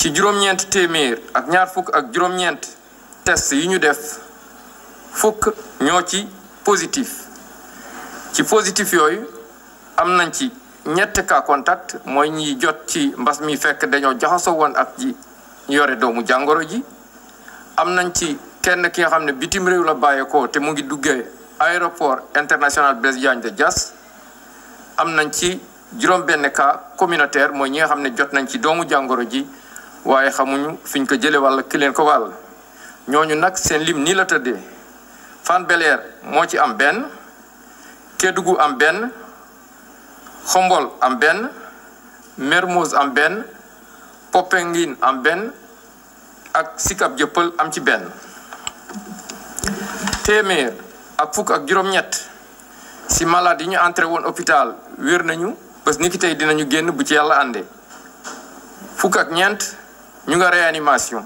ci juróom-ñeent téeméer ak ñaar fukk ak juróom-ñeent test yi ñu def fukk ñoo ci positif ci positif yooyu am nañ ci ñett cas contact mooy ñiy jot ci mbas mi fekk dañoo jaxasoo woon ak ji yore doomu jàngoro ji am nañ ci kenn ki nga xam ne bitim réew la bàyyeekoo te mu ngi duggee aéroport international Blaise Diagne de Diass am nañ ci juróom benn ka communautaire mooy ñi nga xam ne jot nañ ci doomu jàngoro ji waaye xamuñu fiñ ko jëlee walla ki leen ko wàll ñooñu nag seen lim nii la tëddee Fann bel moo ci am benn Kédougou am benn Xombol am benn Mermoz am benn Popenguine am benn ak Sicap Jëppal am ci benn téeméer ak fukk ak juróom-ñett si malade ñu entré woon hôpital wér nañu bés ni ki tey dinañu génn bu ci yàlla ànde fukk ak ñeent ñu nga réanimation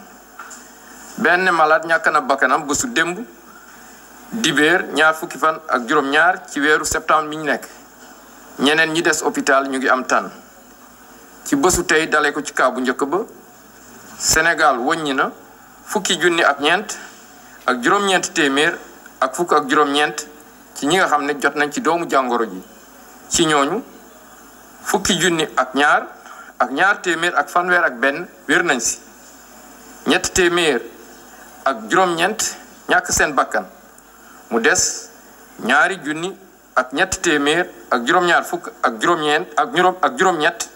benn malaat ñàkk na bakkanam bésu démb dibéer ñaar fukki fan ak juróom-ñaar ci weeru septembre mi ñu nekk ñeneen ñi des hôpital ñu ngi am tànn ci bësu tey dale ko ci kaa bu njëkk ba Sénégal wëññi na fukki junni ak ñeent ak juróom-ñeent téeméer ak fukk ak juróom-ñeent ci ñi nga xam ne jot nañ ci doomu jàngoro ji ci ñooñu fukki junni ak ñaar ak ñaar téeméer ak fanweer ak benn wér nañ si ñett téeméer ak juróom-ñeent ñàkk seen bakkan mu des ñaari junni ak ñett téeméer ak juróom-ñaar fukk ak juróom-ñeent ak juróom ak juróom-ñett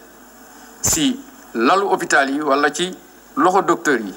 si lalu hôpital yi walla ci loxo docteur yi